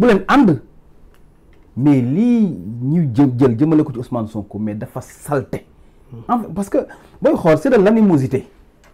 bu leen ànd mais lii ñu jë jël jëmale ko ci Ousmane Sonko mais dafa salté en fait parce que booy xool c'est de l'animosité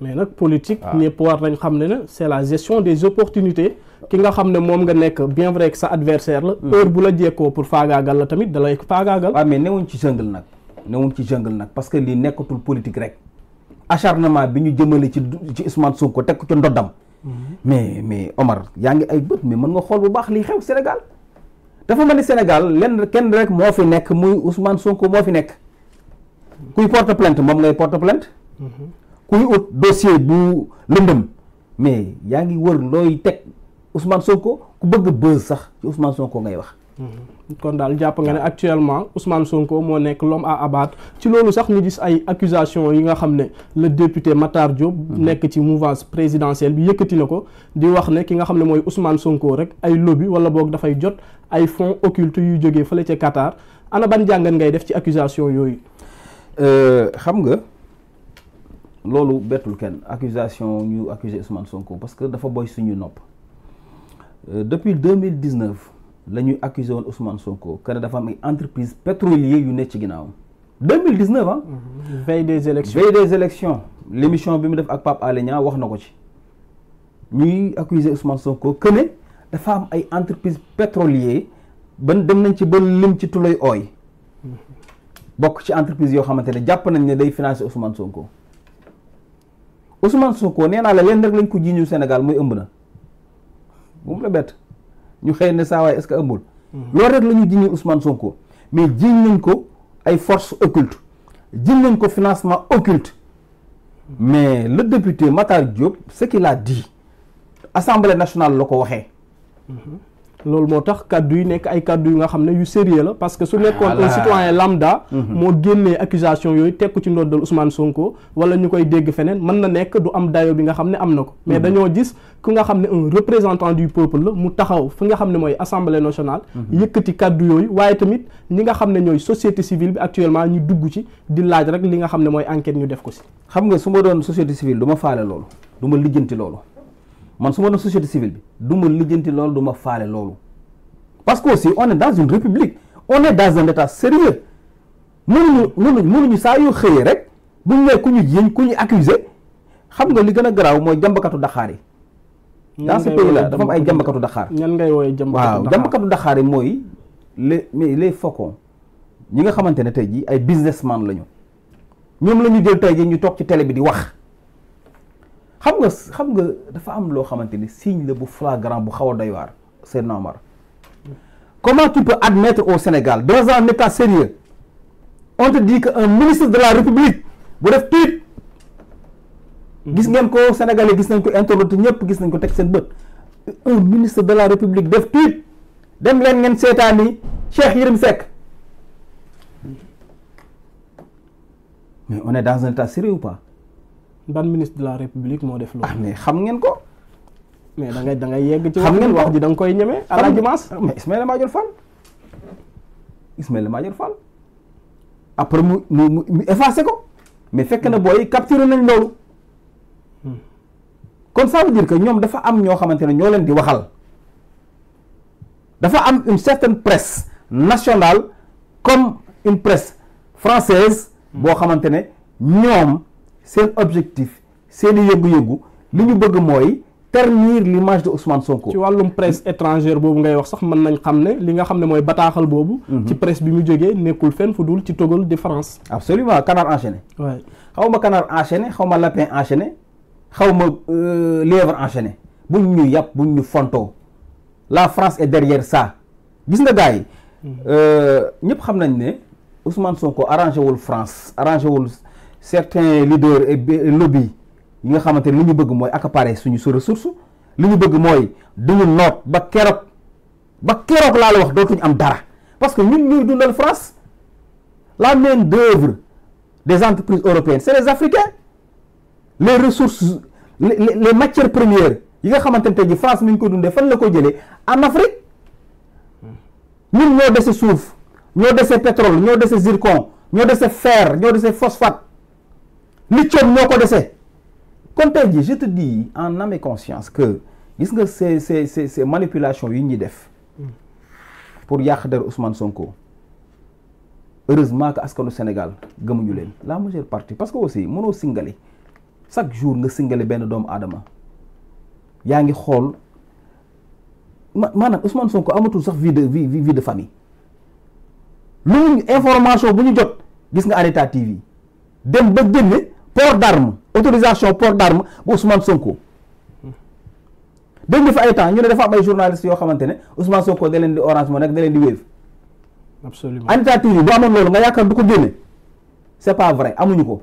mais nag politique ah. ñëpp war nañ xam ne ne c'est la gestion des opportunités ki nga xam ne moom nga nekk bien vrai que sa adversaire la hmm. heure bu la jekkoo pour faagaagal la tamit da lay faagaagal waaw ah, mais newuñ ci jungle nag newuñ ci jungle nag parce que lii nekkatul politique rek acharnement bi ñu jëmale ci ci Ousmane Sonko teg ko ci ndoddam mais mais Omar yaa ngi ay bët mais mën nga xool bu baax li xew Sénégal dafa mel ni Sénégal lenn kenn rek moo fi nekk muy Ousmane Sonko moo fi nekk kuy porte plainte moom ngay porte plainte kuy ut dossier bu lëndëm mais yaa ngi wër looy teg Ousmane Sonko ku bëgg buzz sax ci Ousmane Sonko ngay wax Mm-hmm. kon daal jàpp nga ne actuellement Ousmane Sonko moo nekk l'homme à abattre ci loolu sax ñu gis ay accusations yi nga xam ne le député Matar Diop. Mm-hmm. nekk ci mouvance présidentielle bi yëkkati na ko di wax ne ki nga xam ne mooy Ousmane Sonko rek ay lobby wala boog dafay jot ay fonds occultes yu jógee fële ca Qatar ana ban jàngat ngay def ci accusation yooyu. Euh, xam nga loolu bettul kenn accusation ñu accuser Ousmane Sonko parce que dafa boy suñu nopp euh, depuis deux mille dix-neuf la ñuy accusé woon Ousmane Sonko que dafa am ay entreprise pétrolier yu nekk ci ginnaawam 2019 ah. veille des élections veille des élections l' émission bi mu def ak Pape Alé wax na ko ci ñuy accusé Ousmane Sonko que dafa am ay entreprise pétrolier ban dem nañ ci ba lim ci tulay ooy bokk ci entreprise yoo xamante ne jàpp nañ ne day financé Ousmane Sonko Ousmane Sonko nee naa la leen rek lañ ko jiiñu Sénégal mooy ëmb na ñu xëy ne saa waay est-ce que ëmbul. Hmm. loolu rek la ñu jiñee Ousmane Sonko mais jiñ nañ ko ay force occultes jiñ nañ ko financement occulte hmm. mais le député Matar Diop ce qu'il a dit assemblée nationale la ko waxee. Hmm. loolu moo tax kaddu yi nekk ay kaddu yu nga xam ne yu sérieux la parce que su nekkoon un citoyen lambda mhm. moo génnee accusation yooyu tekku ci ndoddal Ousmane Sonko wala ñu koy dégg feneen mën na nekk du am dayo bi nga xam ne am na ko mais mhm. dañoo gis ku nga xam ne un représentant du peuple la mu taxaw fi nga xam ne mooy assemblée nationale mhm. yëkkati kàddu yooyu waaye tamit ñi nga xam ne ñooy société civile bi actuellement ñu dugg ci di laaj rek li nga xam ne mooy enquête ñu def ko si xam nga su ma doon société civile du ma faale loolu du ma lijjanti loolu man su ma doon société civile bi du ma lijjanti loolu du faale loolu parce que si on est dans une république on est de un état sérieux mënuñu mënuñu saa yu xëyee rek bu ne ku ñu yéñ ku ñu accusé xam nga li gën a garaaw mooy jàmbakatu daxaar yi. dans ce pays dafa am ay jàmbakatu daxaar. ñan ngay woowee jàmbakatu daxaar waaw daxaar yi mooy les mais les faucons ñi nga xamante ne tey jii ay businessman la lañu ñoom la ñu jël tey jii ñu toog ci tele bi di wax. xam nga xam nga dafa am loo xamante ni signe la bu flagrant bu xaw a doy waar Seydina Omar comment tu peux admettre au Sénégal dans un état sérieux on te dit que un ministre de la République bu def tweet gis ngeen ko Sénégalais gis nañ ko internet ñëpp gis nañ ko teg seen bët un ministre de la République def tweet dem leen ngeen seetaani Cheikh Yérim Seck mais on est dans un état sérieux pas ban ministre de la république moo def loolu. ah mais xam ngeen ko. mais da ngay da ngay ci. xam ngeen wax ji da nga koy ñeme. à la dimanche mais Ismaïla Madior Fall. après mu mu mu effacé ko. mais fekk na hmm. booy capturé nañ loolu. Hmm. kon ça veut que ñoom dafa am ñoo xamante ne ñoo leen di waxal. dafa am une certaine presse national comme une presse française hmm. boo xamante ne ñoom. seen objectif seen i yëngu-yëngu li ñu bëgg mooy ternir l'image de Ousmane Sonko. ci wàllum presse étrangère boobu ngay wax sax mën nañ xam ne li nga xam ne mooy bataaxal boobu. Mhm. ci presse bi mu jógee nekkul fenn fu dul ci Togal di France. absolument canard enchaîné. waay xaw ma canard enchaîné xaw ma lapin enchaîné xaw ma euh, lièvre enchaîné buñ ñu yàpp buñ ñu fonto la France est derrière ça gis nga gars yi. Mhm. Euh, ñëpp xam nañ ne Ousmane Sonko arrangé wul France arrangé wul. certains leaders et lobby yi nga xamante ne li ñu bëgg mooy accaparer suñu su ressource li ñu bëgg mooy duñu noot ba keroog ba keroog laa la wax dootuñu am dara parce que ñun ñuy dundal France la main d'œuvre des entreprises européennes c'est les Africains les ressources les, les, les matières premières yi nga xamante ne tey ji France mi ngi ko dundee fan la ko jëlee en Afrique ñun ñoo dese suuf ñoo dese pétrole ñoo dese zircon ñoo dese fer ñoo dese phosphate li coom ñoo ko desee kon tey ji je te dis en âme conscience que gis nga ces ces ces ces manipulations yu ñuy def pour yàq der Ousmane Sonko heureusement que askanu Sénégal gëmuñu leen la majeure partie parce que aussi mënoo singale chaque jour nga singale benn doomu aadama yaa ngi xool ma maanaam Ousmane Sonko amatul sax vie de vie vie de famille lu ñu information bu ñu jot gis nga Areta yi dem ba génne. port d'arme autorisation port d'arme bu Ousmane Sonko. dégg nga fi ay temps ñu ne dafa am ay journalistes yoo xamante ne usman Sonko da leen di orange moo nekk da leen di wave. absolument anitature yi bu amoon loolu nga yaakaar du ko génne. c'est pas vrai amuñu ko.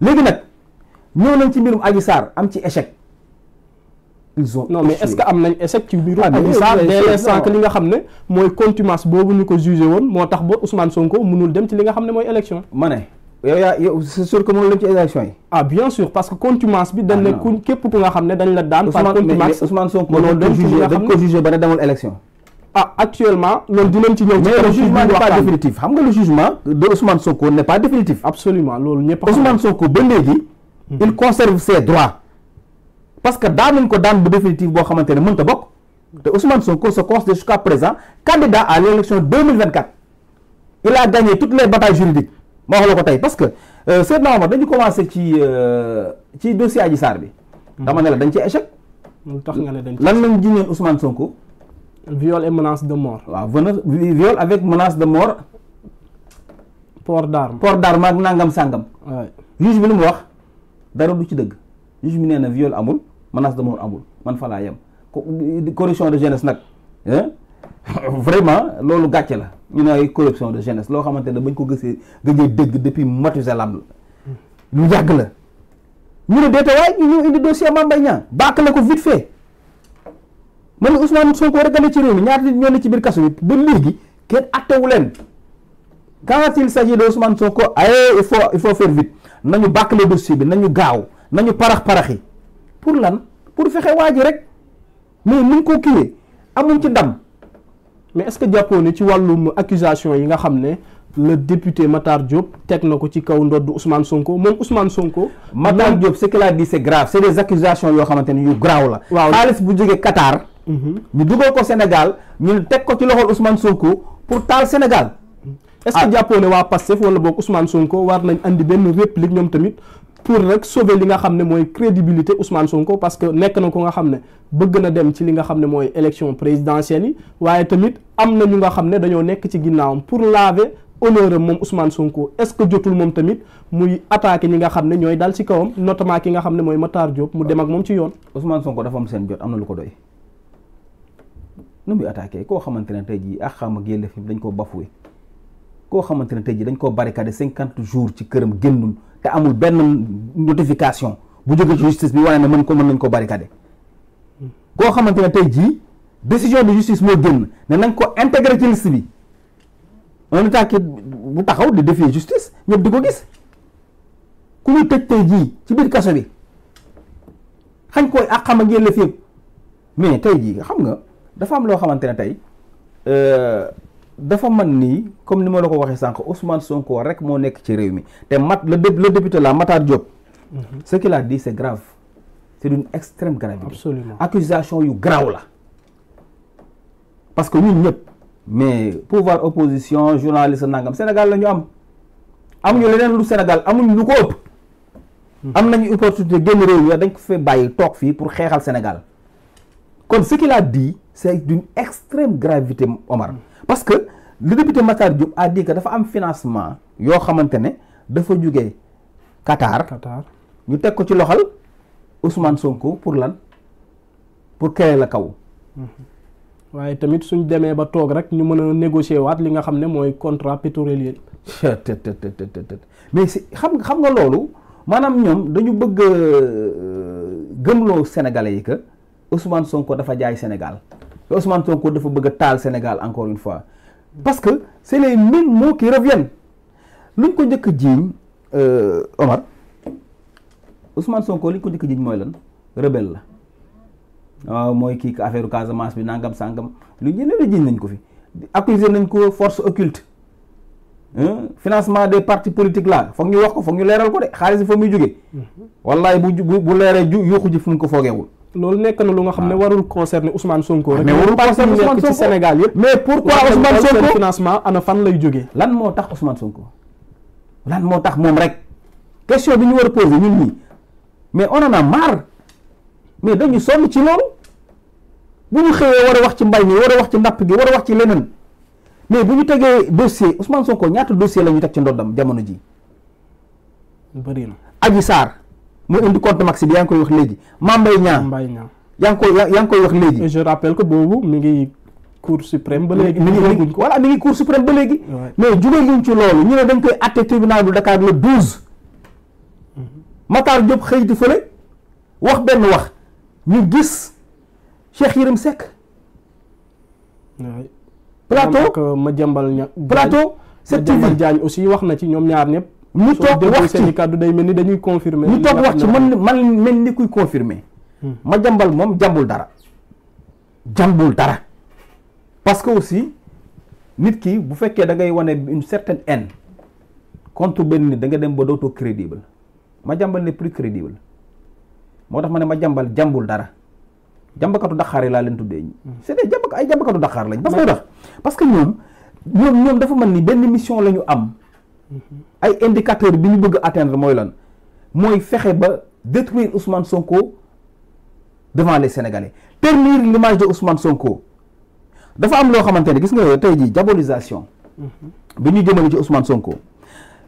léegi nag ñëw nañ ci mbirum Adji Sarr am ci échec. ils ont mais est-ce que am nañ échec ci mbirum ah, Adji Sarr dès l'instant li nga xam ne mooy contumace boobu ñu ko jugé woon moo tax ba Ousmane Sonko mënul dem ci li nga xam ne mooy élection. ma ne. yow yaa yow c'est sûr que moom lañ ci élection yi. ah bien sûr parce que contumace bi. dañ ne ah, ku képp ku nga xam ne dañ la daan. par contumace Ousmane Sonko mënoon dañ jugé dañ ko jugé ba ne demul élection. ah actuellement loolu dinañ ci ñëw. mais le jugement n'est pas définitif xam nga le jugement de Ousmane Sonko n'est pas définitif. absolument loolu ñëpp Ousmane Sonko ba léegi. Mhm. il conserve ses droits. parce que daanuñ ko daan bu définitif boo xamante ne mënut a bokk. te Ousmane Sonko se considère jusqu'à présent candidat à l'élection 2024. il a gagné toutes les batailles juridiques ma wax la ko tey parce que euh, Seydina Omar dañu commencé ci euh, ci dossier Adji Sarr bi. Mm-hmm. dama ne dañ ci échec. tax nga ne dañ lan lañ jiñoon Ousmane Sonko. viol et menace de mort. waaw viol avec menace de mort. port d'arme port d'arme nangam sàngam. juge bi lu mu wax dara du ci dëgg juge bi nee na viol amul menace de mort amul man fa laa yem corruption de jeunesse nag vraiment loolu gàcce la. ñu ne ay corruption de jeunesse loo xamante ne bañ ko gisee gëjee dëgg depuis Mathusalem la lu yàgg la ñu ne deete waay ñu ñëw indi dossier Mame Mbaye Niang bàkk la ko vite fait man Ousmane Sonko rek a ne ci réew mi ñaata nit ñoo ne ci biir kaso bi ba léegi kenn attewu leen quand il s'agit de Ousmane Sonko ay il faut il faut faire vite nañu bàkk le dossier bi nañu gaaw nañu parax-paraxi pour lan pour fexe waa rek mais ni ñu kii kiiwee amuñ ci ndam mais est que jàppoo ne ci wàllum accusation yi nga xam ne le député Matar Diop teg na ko ci kaw ndodd Ousmane Sonko moom Ousmane Sonko. Matar Diop ce qu'il a dit c'est grave c'est yoo xamante ni yu grave la. waaw xaalis bu jógee Qatar. Mhm. ñu dugal ko Sénégal ñu teg ko ci loxol Ousmane Sonko pour taal Sénégal. est ah. jàppoo ne waa Pastef wala boog Ousmane Sonko war nañ indi benn réplique ñoom tamit pour rek sauver li nga xam ne mooy crédibilité Ousmane Sonko parce que nekk na ko nga xam ne bëgg na dem ci li nga xam ne mooy élection présidentielle yi waaye tamit am na ñu nga xam ne dañoo nekk ci ginnaawam pour laver honneur moom Ousmane Sonko est-ce que jotul moom tamit muy attaqué ñi nga xam ne ñooy dal ci kawam notamment ki nga xam ne mooy Matar Diop mu dem ak moom ci yoon. Ousmane Sonko dafa am seen jot am na lu ko doy nu muy attaqué koo xamante ne tey jii ak xam ak yelleef dañ koo bafoué koo xamante ne tey jii dañ koo barricadé cinquante jours ci këram génnul. te amul benn notification bu jóge ci justice bi wane ne mën ko mën nañ ko barricade koo xamante ne tey jii décision de justice moo génn ne nañ ko intégré ci bi un état ki bu taxaw di défier justice ñëpp di ko gis ku ñu tëj tey jii ci biir kaso bi xañ koy ak xam ak yële mais tey jii xam nga dafa am loo xamante ne tey euh, dafa man nii comme ni ma la ko waxee sànq Ousmane Sonko rek moo nekk ci réew mi te mat le le député la Matar Diop. Mhm. ce qu'il a dit c'est grave c'est d'une extrême gravité. absolument accusation yu graaw la. parce que ñun ñëpp mais pouvoir opposition journaliste nangam Sénégal lañu am am amuñu leneen lu Sénégal amuñu lu ko ëpp. Mhm. am nañu opportunité génn réew mi dañ ko fee bàyyi toog fii pour xeexal Sénégal kon ce qu'il a dit. c'est d'une extrême gravité Omar parce que le député Matar Diop a dit dafa am financement yoo xamante ne dafa jugee Qatar ñu teg ko ci loxal Ousmane Sonko pour lan pour créer la kaw mm-hmm. waaye tamit suñ demee ba toog rek ñu mën a négocier waat li nga xam ne mooy contrat pétrolier mais si xam xam nga loolu maanaam ñoom dañu bëgg euh, gëmloo Sénégalais yi que Ousmane Sonko dafa jaay Sénégal Ousmane Sonko dafa bëgg taal Sénégal encore une fois parce que c'est les mêmes mots qui reviennent lu ñu ko njëkk a jiiñ euh, Omar Ousmane Sonko li ñu ko njëkk a jiiñ mooy lan rebelle la waaw ah, mooy kii affaire Casamance bi nangam sangam lu ñu la jiiñ nañ ko fi accuser nañ ko force occulte financement des partis politiques là foog ñu wax ko foog ñu leeral ko de xaalis bi fa muy jógee mm-hmm. wallaay bu bu leeree ju yuuxu ji fu mu ko foogewul loolu nekk na lu nga xam ne ah. warul concerner Ousmane Sonko ah, rek mais warul concerner Ousmane Sonko ci Sénégal mais pourquoi Ousmane Sonko financement ana fan lay jógee lan moo tax Ousmane Sonko lan moo tax moom rek question bi ñu war a poser ñun ñii mais on en a marre mais dañu sonn ci loolu bu ñu xëyee war a wax ci mbay mi war a wax ci ndapp gi war a wax ci leneen mais bu ñu tegee dossier Ousmane Sonko ñaata dossier la ñu teg ci ndoddam jamono ji bëri na Adji moo indi compte max yaa ngi koy wax léegi Mame Mbaye Niang Mbaye Niang yaa ngi koy wax léegi je rappelle que boobu mi ngi cour suprême ba léegi mi ngi voilà mi ngi cour suprême ba léegi mais jóge guñ ci loolu ñu ne dañ koy atte tribunal bu Dakar le 12 mm-hmm. Matar Diop xëy di fële wax benn wax ñu gis Cheikh Yérim Seck plateau ma jambal ña plateau cette TV Diagne aussi wax na ci ñoom ñaar ñëpp mu toog wax ci kàddu day mel ni dañuy confirmer mu toog wax ci man man mel ni kuy confirmer hmm. ma jàmbal moom jàmbul dara jàmbul dara parce que aussi nit ki bu fekkee da ngay wane une certaine haine contre benn nit da nga dem ba dootoo crédible ma jàmbal ne plus crédible moo tax ma ne ma jàmbal jàmbul dara jàmbakatu daxaar yi laa leen tuddee ñi hmm. c'est des ay jàmbakatu daxaar lañ parce que tax parce que ñoom ñoom ñoom dafa mën ni benn mission la ñu am ay indicateur bi ñu bëgg atteindre mooy lan mooy fexe ba détruire Ousmane Sonko devant les Sénégalais ternir l'image de Ousmane Sonko dafa am loo xamante ne gis nga tey jii diabolisation bi ñu jëmale ci Ousmane Sonko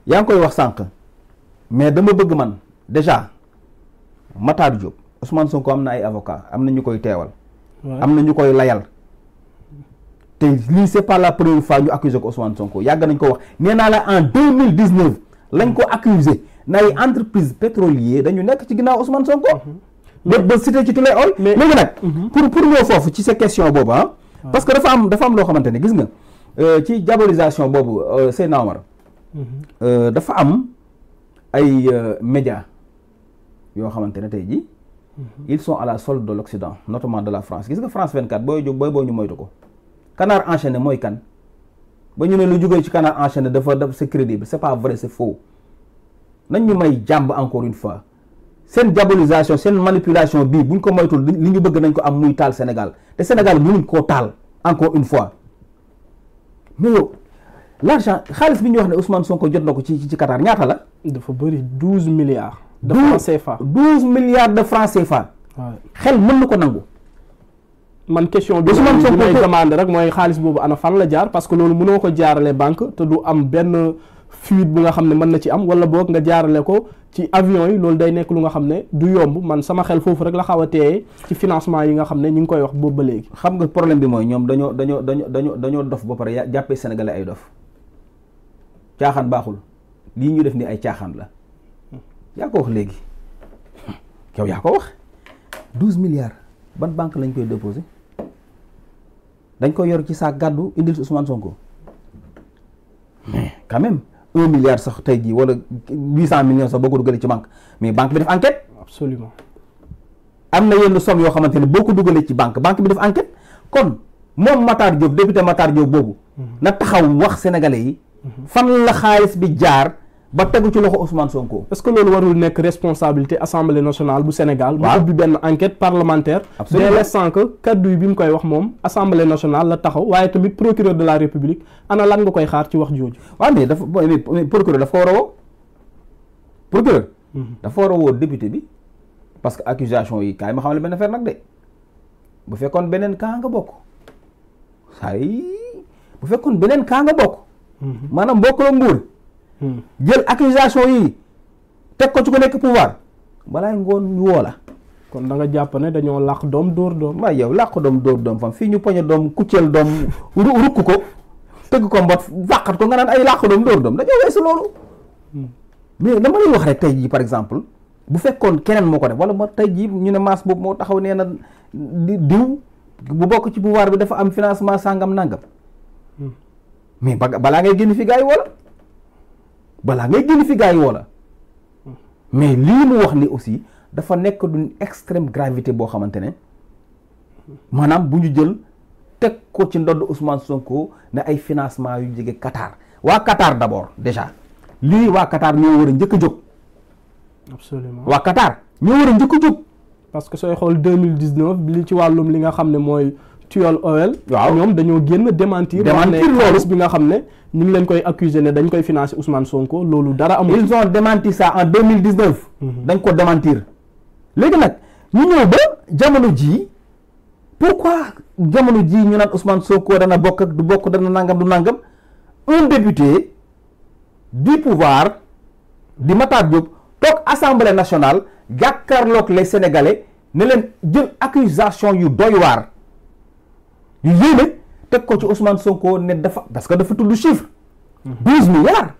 yaa ngi koy wax sànq mais dama bëgg man déjà Matar Diop Ousmane Sonko am na ay avocat am na ñu koy teewal am na ñu koy layal te lii c'est pas la première fois ñu accusé ko Ousmane Sonko yàgg nañ ko wax nee naa la en lañ ko accusé na entreprise pétrolier dañu nekk ci ginnaaw Ousmane Sonko. Mhm. ba ba cité ci Tulay Oil. mais léegi nag. Mhm. pour pour ñëw foofu ci sa question boobu ah. parce que dafa am dafa am loo xamante ne gis nga euh, ci jaborisation boobu euh, Seydina Omar. Mhm. Euh, dafa am ay médias yoo xamante ne tey jii. ils sont à la solde de l'Occident notamment de la France gis nga France 24 booy booy boo ko. canard enchaîné mooy kan ba ñu ne lu jógee ci canard enchaîné dafa def c'est crédible c'est pas vrai c'est faux nañ ñu may jàmb encore une fois seen diabolisation seen manipulation bii buñ ko moytul li ñu bëgg nañ ko am muy taal senegal te Sénégal mënuñ koo taal encore une fois mais yow l'argent xaalis bi ñu wax ne Ousmane Sonko jot na ko ci ci Qatar ñaata la. dafa bëri douze milliards. de francs CFA douze milliards de francs CFA. xel mën na ko nangu. man question bi may demande rek mooy xaalis boobu ana fan la jaar parce que loolu mënoo ko jaarale banque te du am benn fuite bu nga xam ne mën na ci am wala boog nga jaarale ko ci avion yi loolu day nekk lu nga xam ne du yomb man sama xel foofu rek la xaw a teeyee ci financement yi nga xam ne ñu ngi koy wax boobu ba léegi xam nga problème bi mooy ñoom dañoo dañoo dañoo dañoo dañoo dof ba pare jàppee sénégalais ay dof caaxaan baaxul lii ñu def ni ay caaxaan la yaa léegi yow yaa ko wax douze milliards ban banque lañ koy déposé dañ ko yor ci saak gàddu indil si Ousmane Sonko mais quand même un milliard sax tey jii wala huit cent millions sax boo ko dugalee ci banque mais banque bi def enquête. absolument na yenn somme yoo xamante ne boo ko dugalee ci banque banque bi def enquête kon moom Matar Diop député Matar Diop boobu. Mhm. na taxaw wax sénégalais yi. Mhm. fan la xaalis bi jaar. ba tegu ci loxo Ousmane Sonko. est-ce que loolu warul nekk responsabilité assemblée nationale bu Sénégal. waaw mu ubbi benn enquête parlementaire. absolument dès l'instant que kaddu yi bi mu koy wax moom assemblée nationale la taxaw waaye tamit procureur de la république ana lan nga koy xaar ci wax jooju. waaw mais dafa procureur dafa ko war a woo procureur. Mhm. dafa war a woo député bi parce que accusation yi kaay ma xamal benn affaire nag de bu fekkoon beneen kaa nga bokk saa yi bu kaa nga bokk. Mhm. maanaam bokk Hmm. jël accusation yi teg ko ci ko nekk pouvoir balaay ngoon ñu woo la. kon da nga jàpp ne dañoo làq doom dóor doom. waaye yow làq doom dóor doom fam fii ñu poñe doom kucceel doom rukk ko tëgg ko mbot wàqat ko nga naan ay làq doom dóor doom dañoo weesu loolu. Hmm. mais dama lay wax rek tey jii par exemple bu fekkoon keneen moo ko def wala ma tey jii ñu ne maas boobu moo taxaw nee na diw bu bokk ci pouvoir bi dafa am financement sàngam nàngam hmm. mais balaa balaa ngay génn fi gars yi woo la mais lii mu wax ni aussi dafa nekk d'une extrême gravité boo xamante ne maanaam bu ñu jël teg ko ci ndodd Ousmane Sonko ne ay financement yu jege Qatar waa Qatar d'abord déjà lii waa Qatar ñoo war a njëkk a waa Qatar ñoo war a njëkk a jóg. que sooy xool deux mille dix-neuf li ci wàllum li nga xam ne mooy. Actuel Oil. waaw ñoom dañoo génn démentir. démentir loolu bi nga xam ne ñu ngi leen koy accuser ne dañ koy financer Ousmane Sonko loolu dara amul. ils ont démenti ça en deux mille dix neuf. Mhm. dañ ko démentir. léegi nag ñu ñëw ba jamono jii pourquoi jamono jii ñu naan Ousmane Sonko dana bokk ak du bokk dana nangam du nangam un député du pouvoir di Matar Diop toog assemblée nationale jàkkaarloog les sénégalais ne leen jël accusation yu doy waar. yu yéeme teg ko ci Ousmane Sonko ne dafa parce que dafa tudd chiffre. 12 milliards.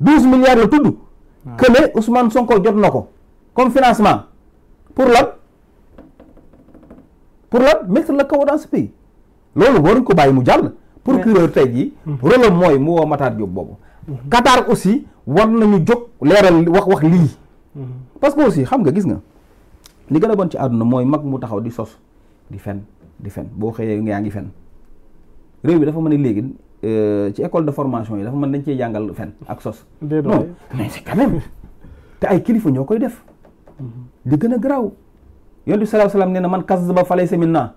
12 milliards la tudd. waaw ah. que Sonko jot na ko comme financement pour lan pour lan mettre le chaos dans ce pays loolu ko bàyyi mu jàll. procureur tey jii. rôle mooy mu woo Matar boobu. Mhm. Qatar aussi war nañu jóg leeral wax wax lii. Mhm. parce que aussi xam nga gis nga li gën a ci àdduna mooy mag mu taxaw di sos di fen. di fen boo xëyee yaa ngi fen réew bi dafa mën a léegi euh, ci école de formation yi dafa mën dañ cee jàngal fen ak sos non mais c'est quand te ay kilifa ñoo koy def mm-hmm. di gën a garaaw yonent bi sallallahu alayhi wasallam nee na man kazzaba falaysa minna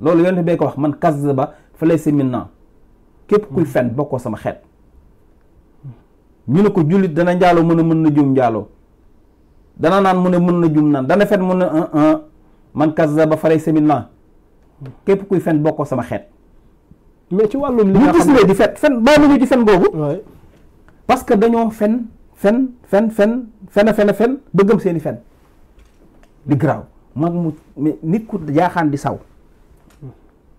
loolu yonent bee ko wax man kazzaba falaysa minna képp kuy mm-hmm. fen bokkoo sama xeet ñu ne ko jullit dana njaaloo mën a mën na jum njaaloo dana naan mu ne mën na jum naan dana fen mu ne man kazzaba falaysa minna képp kuy fen bokkoo sama xeet. mais ci wàllum li nga xam ne di fen fen boobu ñu ci fen boobu. parce que dañoo fen fen fen fen fen fen fen bëggam seen fen. di graaw mag mu nit ku jaaxaan di saw.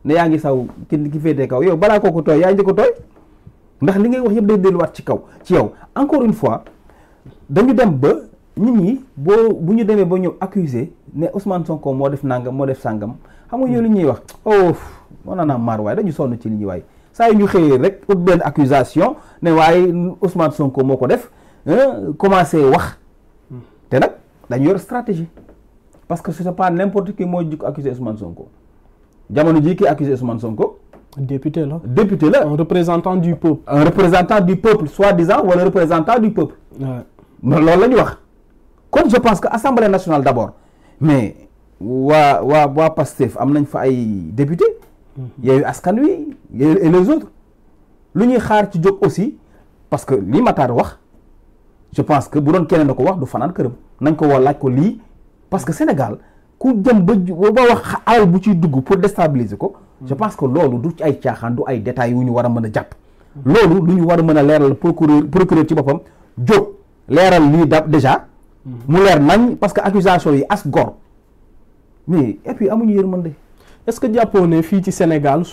ne yaa ngi saw ki ki féetee kaw yow balaa kooku tooy yaa ngi ko tooy ndax li ngay wax yëpp day delluwaat ci kaw ci yow encore une fois dañu dem ba nit ñi boo bu ñu demee ba ñëw accuser ne Ousmane Sonko moo def nangam moo def sàngam xam nga yow li ñuy wax oh moo naa naa maar waaye dañu sonn ci li ñu waay saa yu ñu xëyee rek ut benn accusation ne waaye Ousmane Sonko moo ko def commencé wax te nag dañu yor stratégie parce que c'est pas n'importe qui moo jug accusé Ousmane Sonko jamono jii kii accusé Ousmane Sonko. député la député la. un représentant du peuple. un représentant du peuple soi-disant wala représentant du peuple. loolu la ñu wax kon je pense que assemblée nationale d'abord. mais waa waa waa Pastef am nañ fa ay député mhm. yooyu askan wi et les autres lu ñuy xaar ci jóg aussi parce que lii Matar wax je pense que bu doon keneen na ko wax du fanaan këram nañ ko woo laaj ko lii parce que Sénégal ku jëm ba ba wax alal bu ciy dugg pour déstabiliser ko je mhm. pense que loolu du ci ay caaxaan du ay détails yu ñu war a mën a jàpp mhm. loolu lu ñu war a mën a leeral procureur procureur ci boppam jóg leeral lii da déjà mu leer nañ parce que accusation yi as gor mais et puis man de est-ce que jàppoo ne fii ci Sénégal